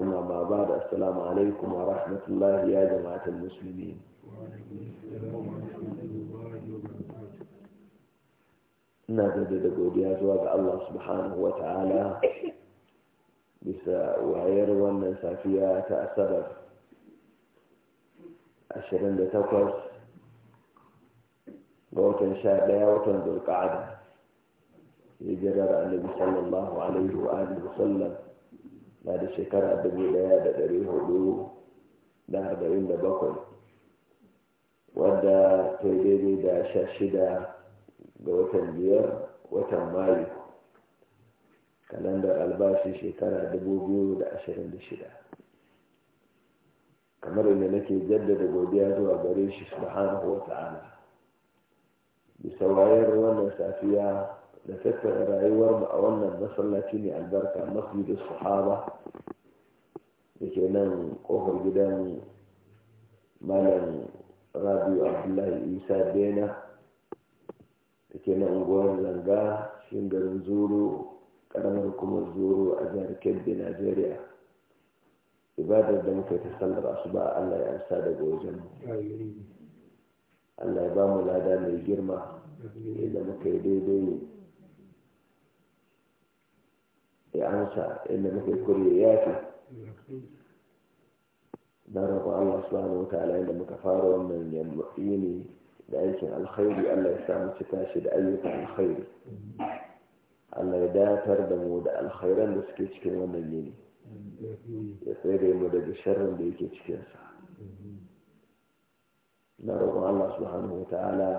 ثم ما بعد السلام عليكم ورحمة الله يا جماعة المسلمين نجد دقود يا زواج الله سبحانه وتعالى بس وعير والنسى فيها تأسبب أشرين لتقص قوت إن شاء الله وطن ذو القعدة يجرر النبي صلى الله عليه وآله وسلم na da shekara dubu ɗaya da ɗari hudu da arba'in da bakwai wadda ta daidai da sha shida ga watan biyar watan mayu kalandar albashi shekara dubu biyu da ashirin da shida kamar inda nake jaddada godiya zuwa gare shi subhanahu wa ta'ala bisa wayar wannan safiya da tattara rayuwar mu a wannan masallaci ne albarka masjidin sahaba da ke nan kofar gidan malam rabiu abdullahi isa bena da ke nan unguwar zanga shin garin zuru karamar kuma zuru a jihar kebbi najeriya ibadar da muka ta sallar asuba allah ya amsa daga wajen allah ya ba mu lada mai girma da muka yi daidai ya ansa inda muke kuriya ya fi don rabu Allah subhanahu wa ta'ala inda muka fara wannan yini da aikin alkhairi Allah ya samu cika shi da ayyukan alkhairi Allah ya datar da mu da alkhairan da suke cikin wannan yini ya tsere mu daga sharrin da yake cikinsa na roƙon Allah subhanahu wa ta'ala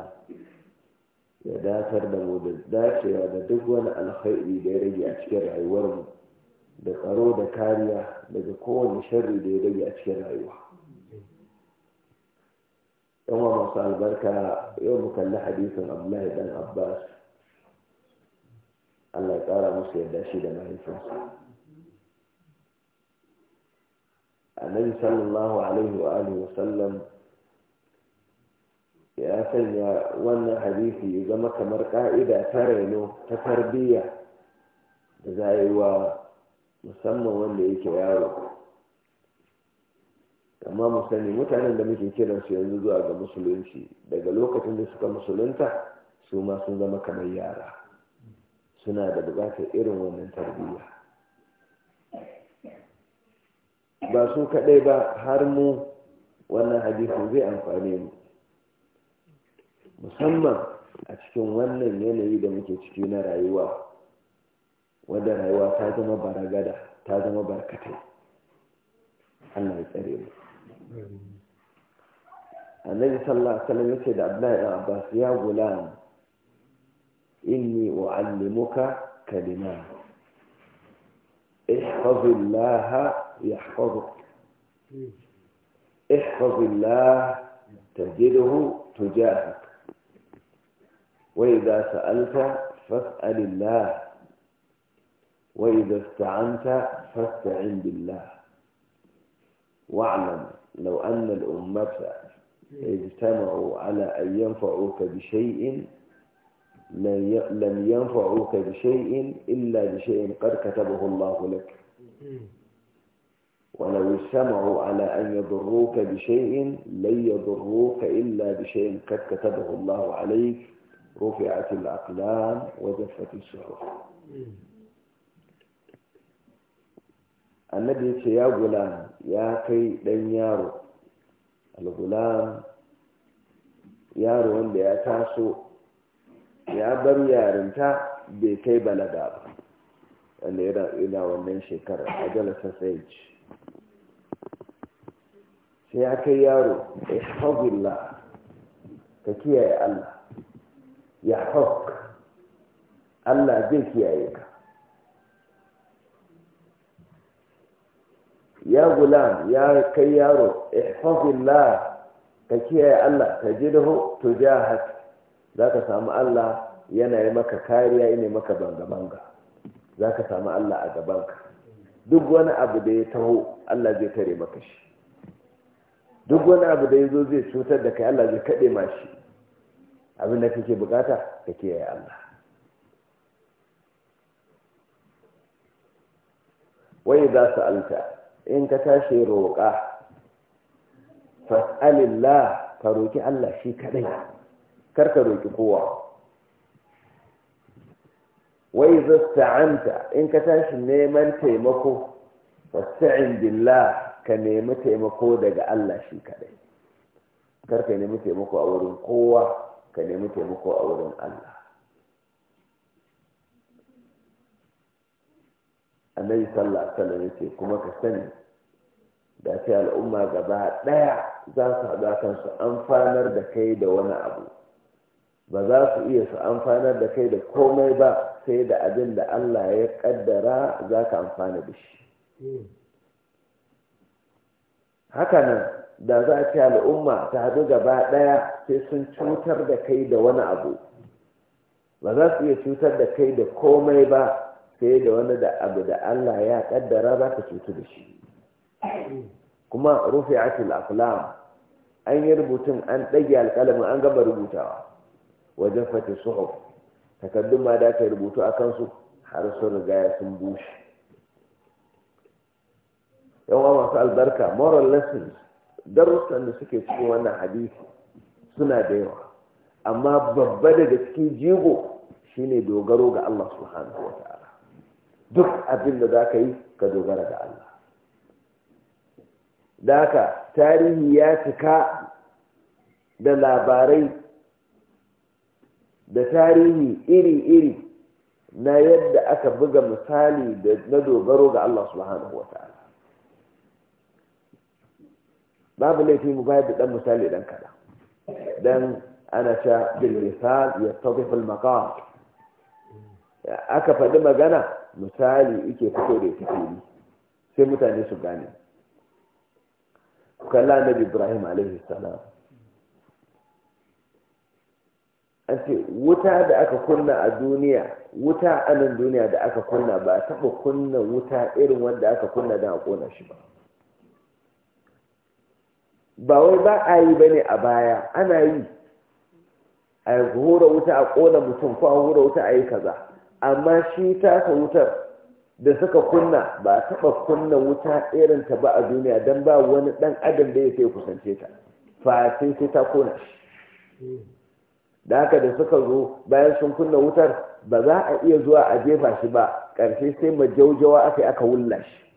ya datar da mu da dacewa da duk wani alkhairi da ya rage a cikin rayuwarmu da tsaro da kariya daga kowane sharri da ya rage a cikin rayuwa yawan masu albarka yau mu kalli hadisin abdullahi dan abbas allah ya kara musu yadda shi da mahaifinsa annabi sallallahu alaihi wa alihi wa sallam ya sanya wannan hadisi ya zama kamar ka'ida ta raino ta tarbiyya da za wa musamman wanda yake yaro amma mu mutanen da muke kiran su yanzu zuwa ga musulunci daga lokacin da suka musulunta su ma sun zama kamar yara suna da bukatar irin wannan tarbiyya ba su kadai ba har mu wannan hadisi zai amfane mu musamman a cikin wannan yanayi da muke ciki na rayuwa wadda rayuwa ta zama baragada ta zama barkatai Allah ya tsare mu annabi sallallahu alaihi wasallam yace da Abdullahi ibn Abbas ya gulam inni uallimuka kalima ihfazillaha yahfazuk ihfazillah tajiduhu tujahak وإذا سألت فاسأل الله وإذا استعنت فاستعن بالله واعلم لو أن الأمة اجتمعوا على أن ينفعوك بشيء لم ينفعوك بشيء إلا بشيء قد كتبه الله لك ولو اجتمعوا على أن يضروك بشيء لن يضروك إلا بشيء قد كتبه الله عليك رفعت الأقلام وجفت الصحف annabi ya ce ya gula ya kai ɗan yaro yaro wanda ya taso ya bar yarinta bai kai balaga ba wanda yana wannan shekarar a jalasar sayyanci sai ya kai yaro ya shafagullah ka kiyaye allah ya hok Allah zai kiyaye ka ya gulam ya kai yaro ihfazillah ka kiyaye Allah ka ji jirhu to za ka samu Allah yana yi maka kariya yana maka banga-banga za ka samu Allah a gabanka duk wani abu da ya taho Allah zai tare maka shi duk wani abu da ya zo zai cutar da kai Allah zai kaɗe ma shi abin da kake bukata ka kiyaye Allah wai za su alta in ka tashi roƙa fas'alillah ka roƙi Allah shi kaɗai kar ka roƙi kowa wai za sta'anta in ka tashi neman taimako fas'a'in billah ka nemi taimako daga Allah shi kaɗai kar ka nemi taimako a wurin kowa ka nemi taimako a wurin Allah annabi sallallahu alaihi wasallam yake kuma ka sani da sai al'umma gaba ɗaya za su haɗa kansu amfanar da kai da wani abu ba za su iya su amfanar da kai da komai ba sai da abin da Allah ya kaddara za ka amfana da shi hmm. hakanan da za a ce al'umma ta haɗu gaba ɗaya sai sun cutar da kai da wani abu ba za su iya cutar da kai da komai ba sai da wani da abu da Allah ya ƙaddara za ka cutu da shi kuma rufe atul aflam an yi rubutun an ɗage alƙalamin an gama rubutawa wajen fata suhu takardun ma da aka rubutu a kansu har su riga sun bushe yawan masu albarka moral lessons darussan da suke cikin wannan hadisi suna da yawa amma babba daga cikin jigo shine dogaro ga Allah subhanahu wataala duk abin da za ka yi ka dogara ga Allah da haka tarihi ya cika da labarai da tarihi iri-iri na yadda aka buga misali na dogaro ga Allah subhanahu wataala babu laifi mu bayar da dan misali dan kada dan ana ta bil misal ya tawqif al maqam aka faɗi magana misali yake fito da ita fili sai mutane su gane kalla annabi ibrahim alaihi salam ce wuta da aka kunna a duniya wuta a nan duniya da aka kunna ba a taɓa kunna wuta irin wanda aka kunna da a ƙona shi ba ba wai ba a yi ba ne a baya ana yi a hura wuta a ƙona mutum ko a hura wuta a yi kaza amma shi ka wutar da suka kunna ba a taɓa kunna wuta irin ta ba a duniya don ba wani ɗan adam da ya sai kusance ta fa sai ta kona shi da haka da suka zo bayan sun kunna wutar ba za a iya zuwa a jefa shi ba ƙarshe sai majaujawa aka yi aka wulla shi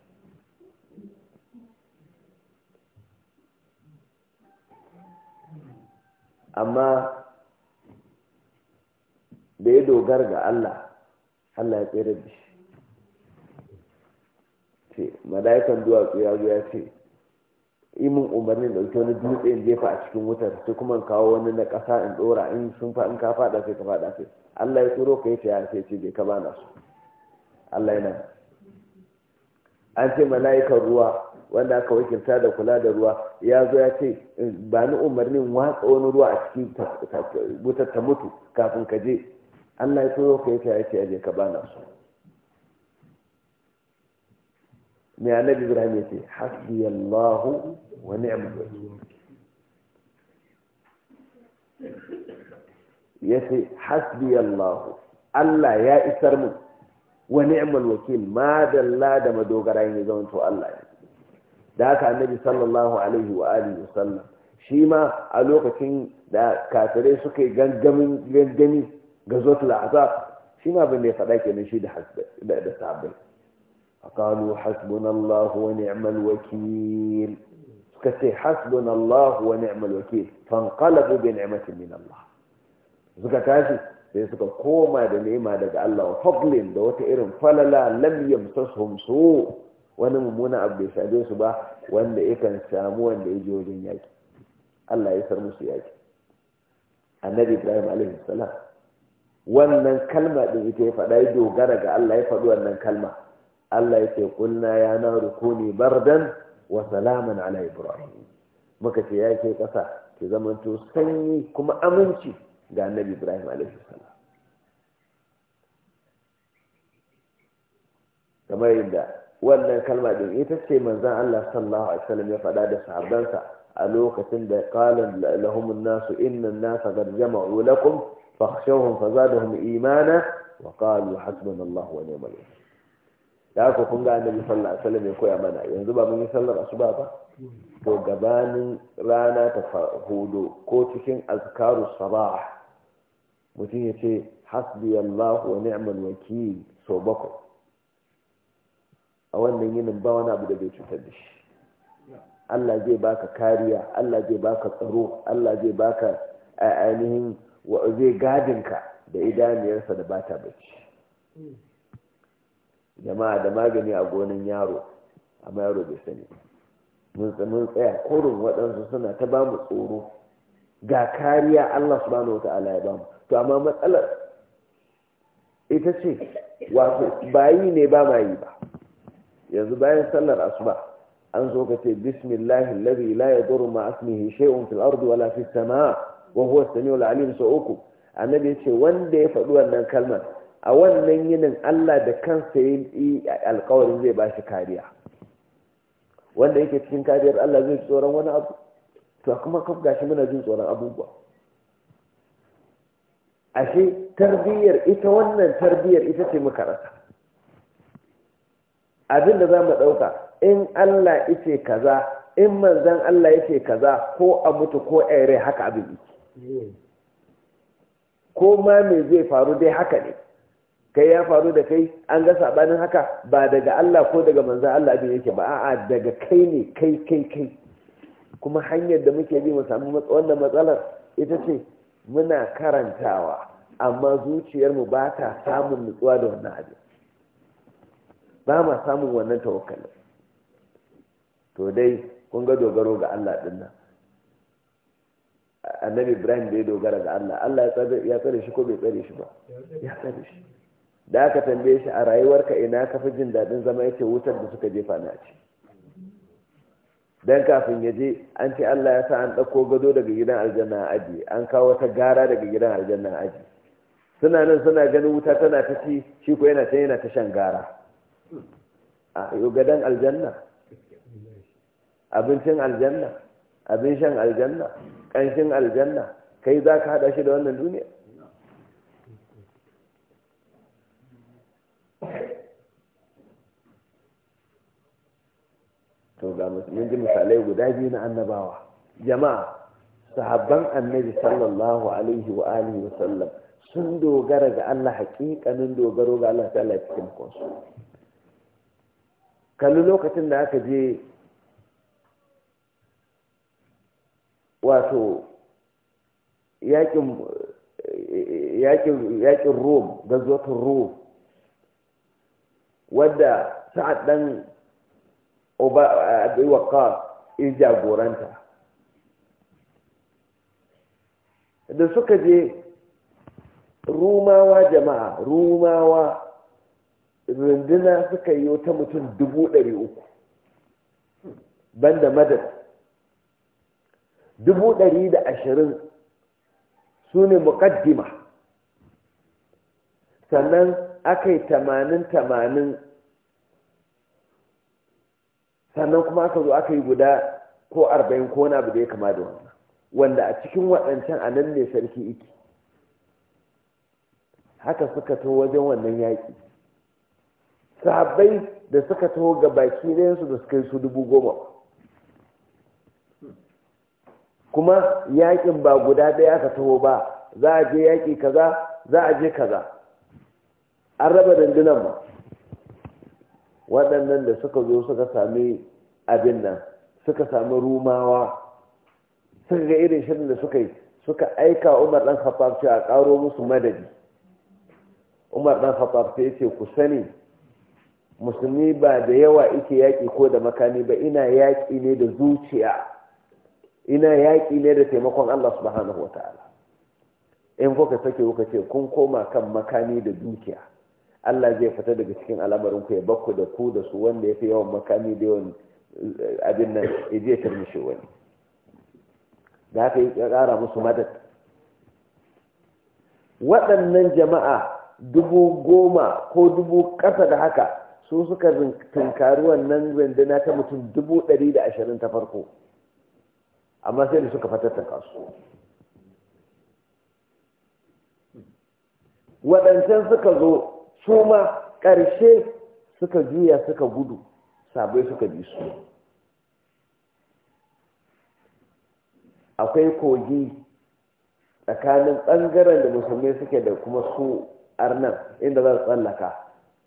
amma da ya dogara ga Allah Allah ya tsere da shi ce mala'ikan duwatsu ya zo ya ce imin umarnin dauke wani dutse in jefa a cikin wutar sai kuma kawo wani na ƙasa in ɗora in sun fa in ka fada sai ka fada sai Allah ya tsoro ka yace ya sai ce je ka bana su Allah yana an ce mala'ikan ruwa wanda aka wakilta da kula da ruwa ya zo ya ce ba ni umarnin watsa wani ruwa a cikin wutar ta mutu kafin ka je Allah ya so ka yake ya ce aje ka bana su mai annabi ibrahim ya ce hasbi allahu wa ni'mal wakil ya ce hasbi allahu Allah ya isar mu wa ni'mal wakil ma dalla da madogara ya zama to Allah ya da haka annabi sallallahu alaihi wa alihi wasallam shi ma a lokacin da kafirai suka yi gangami ga zotul azab shi ma abin da ya faɗa kenan shi da A sahabbai قالوا حسبنا الله ونعم الوكيل كسي حسبنا الله ونعم الوكيل فانقلبوا بنعمة من الله زكا tashi sai suka koma da nema daga Allah wa fadlin da wata irin falala lam yamsashum su wani mummuna abu bai shafe su ba wanda yakan samu wanda ya je wajen yaƙi Allah ya sar musu yaki annabi Ibrahim alaihi salam wannan kalma din ita ya faɗa ya dogara ga Allah ya faɗi wannan kalma Allah ya ce kunna ya na rukuni bardan wa salaman ala Ibrahim muka ce ya ke ƙasa ki zamanto sanyi kuma aminci ga annabi Ibrahim alaihi salam kamar yadda wannan kalma din ita ce manzan Allah sallallahu alaihi wasallam ya faɗa da sahabbansa a lokacin da qala lahum an-nasu inna an-nasa qad jama'u lakum fakhshawhum fazadahum imana wa qalu hasbunallahu wa ni'mal wakeel da haka kun ga annabi sallallahu alaihi wasallam ya koya mana yanzu ba mun yi sallar asuba ba to gabanin rana ta hudu ko cikin azkaru sabah mutum ya ce hasbiyallahu wa ni'mal wakeel so bakwai a wannan yinin ba wani abu da zai cutar da shi Allah zai baka kariya Allah zai baka tsaro Allah zai baka ainihin zai gadin ka da idaniyarsa da bata bacci jama'a da magani a gonan yaro amma yaro bai sani mun tsaya korin waɗansu suna ta ba mu tsoro ga kariya Allah subhanahu wata'ala ya ba mu to amma matsalar ita ce wato bayi ne ba ma yi ba yanzu bayan sallar asuba an zo ka ce bismillahi alladhi la yadurru ma ismihi shay'un fil ardi wala fis samaa wa huwa as alim so uku annabi ya ce wanda ya faɗi wannan kalmar a wannan yinin Allah da kansa yi alkawarin zai ba shi kariya wanda yake cikin kariyar Allah zai tsoron wani abu to kuma kaf gashi muna jin tsoron abubuwa ashe tarbiyyar ita wannan tarbiyyar ita ce muka rasa abin da za mu ɗauka in Allah ice kaza in manzan Allah yake kaza ko a mutu ko a rai haka abin yake ko ma me zai faru dai haka ne kai ya faru da kai an ga sabanin haka ba daga Allah ko daga manzan Allah abin yake ba a'a daga kai ne kai kai kai kuma hanyar da muke bi mu samu wannan matsalar ita ce muna karantawa amma zuciyarmu ba ta samun nutsuwa da wannan abin ba ma samun wannan tawakkalin to dai kun ga dogaro ga Allah din nan annabi ibrahim da ya dogara ga Allah Allah ya tsare shi ko bai tsare shi ba ya tsare shi da aka tambaye shi a rayuwarka ina ka fi jin daɗin zama yake wutar da suka jefa na ci dan kafin ya je an ce Allah ya sa an ɗauko gado daga gidan aljanna aji an kawo wata gara daga gidan aljanna aji suna nan suna ganin wuta tana ta ci shi ko yana ta yana ta shan gara a gadon aljanna abincin aljanna abin shan aljanna ƙanshin aljanna kai za ka haɗa shi da wannan duniya to ga mun ji misalai guda biyu na annabawa jama'a sahabban annabi sallallahu alaihi wa alihi wa sallam sun dogara ga Allah hakikanin dogaro ga Allah ta Allah cikin kansu kalli lokacin da aka je wato yakin rom gazotin rom wadda sa'ad ɗan abuwaka in jagoranta da suka je rumawa jama'a rumawa runduna suka yi wata mutum dubu ɗari uku banda madad dubu ɗari da ashirin su ne muƙaddima sannan aka yi tamanin tamanin sannan kuma aka zo aka yi guda ko arba'in ko wani abu da ya kama da wannan wanda a cikin waɗancan a nan ne sarki iki haka suka to wajen wannan yaƙi sahabbai da suka taho ga baki dayansu da suka yi su dubu goma kuma yaƙin ba guda ɗaya aka taho ba za a je yaƙi kaza za a je kaza an raba dandunan ba waɗannan da suka zo suka sami abin nan suka sami rumawa suka ga irin shirin da suka yi suka aika umar ɗan khattab a ƙaro musu madadi umar ɗan khattab sai ce ku sani musulmi ba da yawa ike yaƙi ko da makami ba ina yaƙi ne da zuciya ina yaƙi ne da taimakon Allah subhanahu wa ta'ala in kuka sake kuka ce kun koma kan makami da dukiya Allah zai fita daga cikin al'amarin ku ya bakku da ku da su wanda ya fi yawan makami da yawan eh, abin nan ya je turmushe wani da haka ya ƙara musu madad waɗannan jama'a dubu goma ko dubu ƙasa da haka su suka tunkari wannan rundunar ta mutum dubu ɗari da ashirin ta farko amma sai da suka fatattaka su waɗancan suka zo su ma ƙarshe suka juya suka gudu sabai suka bi su akwai kogi tsakanin ɓangaren da musulmai suke da kuma su arnan inda za su tsallaka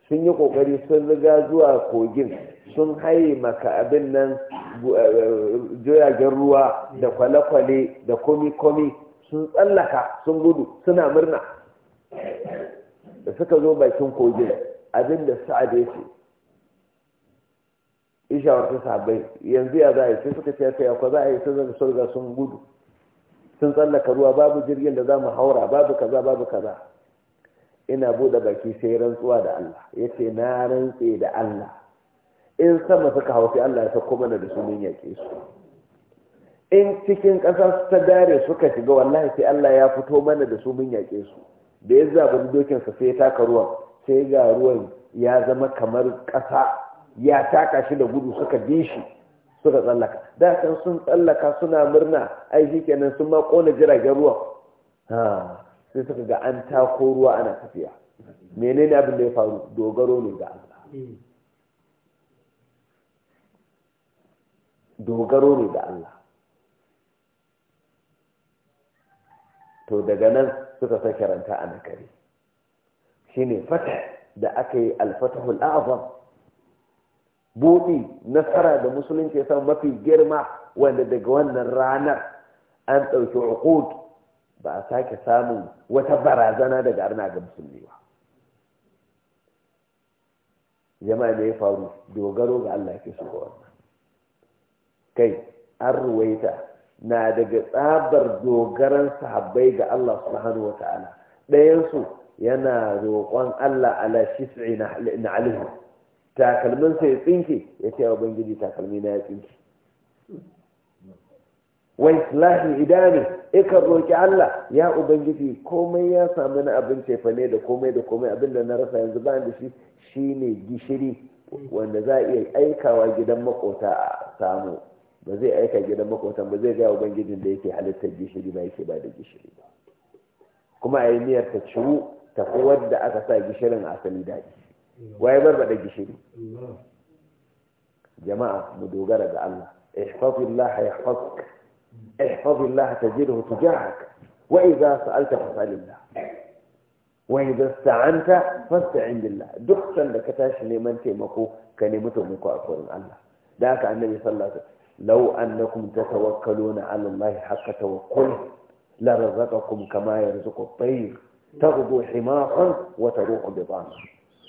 sun yi kokari sun riga zuwa kogin sun haye maka abin nan eh, joyagen ruwa da kwale-kwale da komi-komi sun tsallaka sun gudu suna murna da suka zo bakin kogin abin da sa'ad ya ishawarta ishawar ta sabai yanzu ya za a yi sai suka ce ya kwa za a yi sun sun gudu sun tsallaka ruwa babu jirgin da za mu haura babu kaza babu kaza ina buɗe baki sai rantsuwa da Allah ya na rantse da Allah in sama suka hau sai Allah ya sauko mana da su mun su in cikin ƙasa ta dare suka shiga wallahi sai Allah ya fito mana da su mun yaƙe su da ya dokin sa sai ya taka ruwan sai ga ruwan ya zama kamar ƙasa ya taka shi da gudu suka bi shi suka tsallaka da kan sun tsallaka suna murna ai kenan sun ma ƙona jiragen ruwan sai suka ga an tako ruwa ana tafiya menene abin da ya faru dogaro ne ga Allah dogaro ne ga Allah to daga nan suka sake ranta a nakari shine fata da aka yi alfatahul azam buɗi nasara da musulunci ya mafi girma wanda daga wannan ranar an ɗauki uqud ba a sake samun wata barazana daga arna ga musulmi ba jama'a ne ya faru dogaro ga Allah ke so ga wannan kai an ruwaita na daga tsabar dogaran sahabbai ga Allah subhanahu wa ta'ala ɗayansu yana roƙon Allah ala shi'i na alihu takalmin sai tsinke ya ce wa ubangiji takalmi na ya tsinki. wa islahi idani ikan roki Allah ya ubangiji komai ya samu na abin cefane da komai da komai abin da na rasa yanzu ba da shi shine gishiri wanda za a iya aikawa gidan makota a samu ba zai aika gidan makotan ba zai ga ubangijin da yake halittar gishiri ba yake ba da gishiri ba kuma a yi niyyar ta ciwu ta fi wadda aka sa gishirin asali daɗi waye barbaɗa gishiri jama'a mu dogara ga Allah ihfazillah yahfazuk احفظ الله تجده تجاهك وإذا سألت فسأل الله وإذا استعنت فاستعن بالله دخسا لك تاش لمن تيمكو كلمته مكو أقول الله ذاك النبي صلى الله عليه وسلم لو أنكم تتوكلون على الله حق توكله لرزقكم كما يرزق الطير تغدو حماقا وتروح بطانا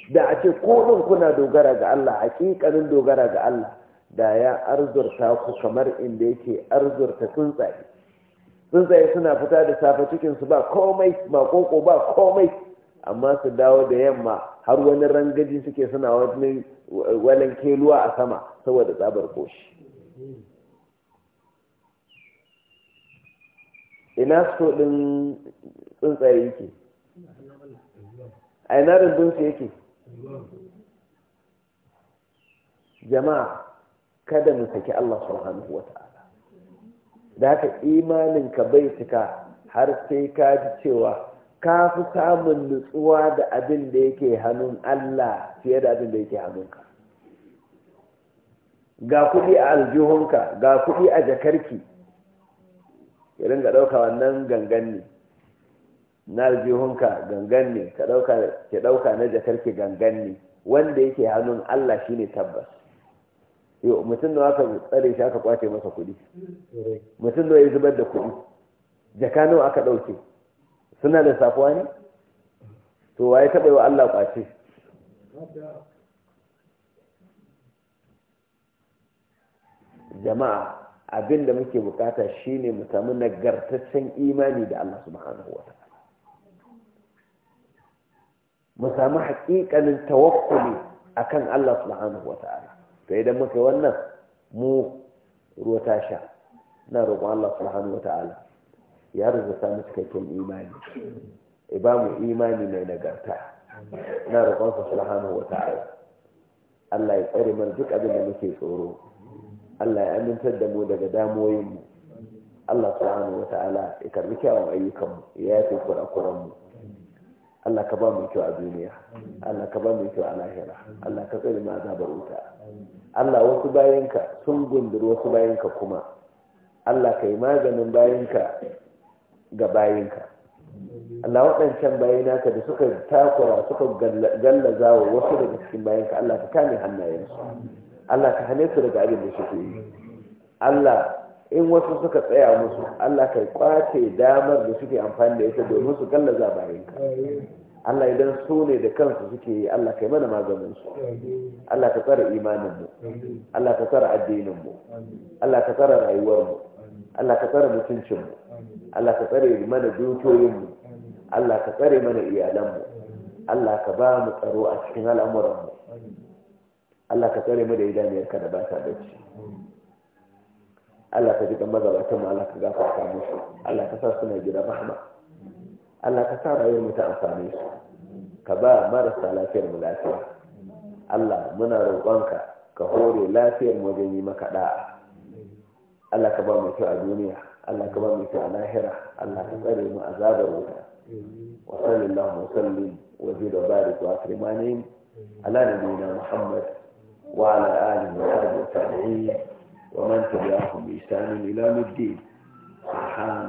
da a ce ko ɗin kuna dogara ga Allah hakikanin dogara ga Allah da ya arzurta ku kamar inda yake arzurta tsuntsaye tsuntsaye suna fita da safe cikinsu ba komai makoko ba komai amma su dawo da yamma har wani rangaji suke suna wani walin keluwa a sama saboda tsabar koshi ina so ɗin tsuntsaye yake a ina rundunsu yake jama'a kada mu saki Allah subhanahu wa ta'ala da haka imaninka bai cika har sai ka ji cewa ka fi samun nutsuwa da abin da yake hannun Allah fiye da abin da yake hannunka ga kuɗi a aljihunka ga kuɗi a jakarki ya ringa ɗauka wannan gangan ne na aljihunka gangan ne ka ɗauka na jakarki gangan ne wanda yake hannun Allah shi ne tabbas mutum da aka tsare shi aka kwace masa kuɗi eh. mutum da ya zubar da kuɗi jaka nawa aka ɗauke suna da safuwa ne to waye taɓa yi wa Allah kwace jama'a abin da muke bukata shine mu samu nagartaccen imani da Allah subhanahu wa mu samu haƙiƙanin tawakkuli akan Allah subhanahu wa ta'ala to idan muka wannan mu ruwa ta sha na roƙon Allah subhanahu wata'ala ya rubuta samun cikakken imani Iba mu imani mai nagarta na roƙon sa subhanahu wata'ala Allah ya tsare mana duk abin da muke tsoro Allah ya amintar da mu daga damuwoyin mu Allah subhanahu wata'ala ya karbi kyawun ayyukan mu ya yafe kurakuran mu Allah ka ba mu kyau a duniya Allah ka ba mu kyau a lahira Allah ka tsare mu azabar wuta Allah wasu bayanka sun gundur wasu bayanka kuma Allah ka yi maganin bayanka ga bayanka Allah waɗancan bayina ka da suka takura suka gallaza wa wasu daga cikin bayanka Allah ka kame hannayensu Allah ka hane su daga abin da suke yi Allah in wasu suka tsaya musu Allah ka kwace damar da suke amfani da ita domin su gallaza bayanka Allah idan so ne da kansu suke yi Allah kai mana maganin su Allah ka tsara imanin mu Allah ka tsara addinin mu Allah ka tsara rayuwar mu Allah ka tsara mutuncin mu Allah ka tsare mana dukiyoyin mu Allah ka tsare mana iyalan mu Allah ka ba mu tsaro a cikin al'amuran mu Allah ka tsare mu da idaniyar ka da ba ta bacci Allah ka ji kan magabatan mu Allah ka gafarta musu Allah ka sa suna gidan rahma Allah ka sa rayuwar mu ta amfani su ka ba marasa lafiyar mu lafiya Allah muna roƙonka ka hore lafiyar mu wajen yi maka da'a Allah ka ba mu kyau a duniya Allah ka ba mu kyau a lahira Allah ka tsare mu azabar wuta wa sallallahu wa sallim wa zid wa barik wa akrimani ala nabiyina Muhammad wa ala alihi wa sahbihi wa tabi'in ومن تبعهم بإحسان إلى الدين سبحان